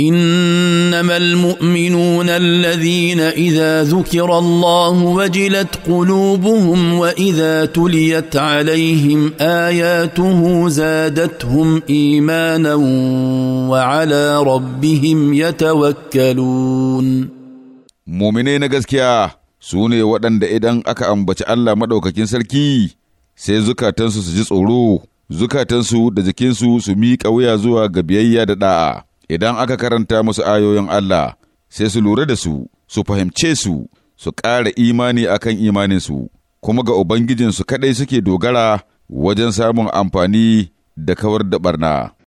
انما المؤمنون الذين اذا ذكر الله وجلت قلوبهم واذا تليت عليهم اياته زادتهم ايمانا وعلى ربهم يتوكلون مؤمنين gaskiya su ne waɗanda idan aka ambaci Allah maɗaukakin sarki sai zukatansu su ji tsoro zukatansu da jikinsu su miƙa wuya zuwa ga biyayya da ɗa'a idan aka karanta musu ayoyin Allah sai su lura da su, su fahimce su, su ƙara imani akan imaninsu, kuma ga Ubangijinsu kaɗai suke dogara wajen samun amfani da kawar da ɓarna.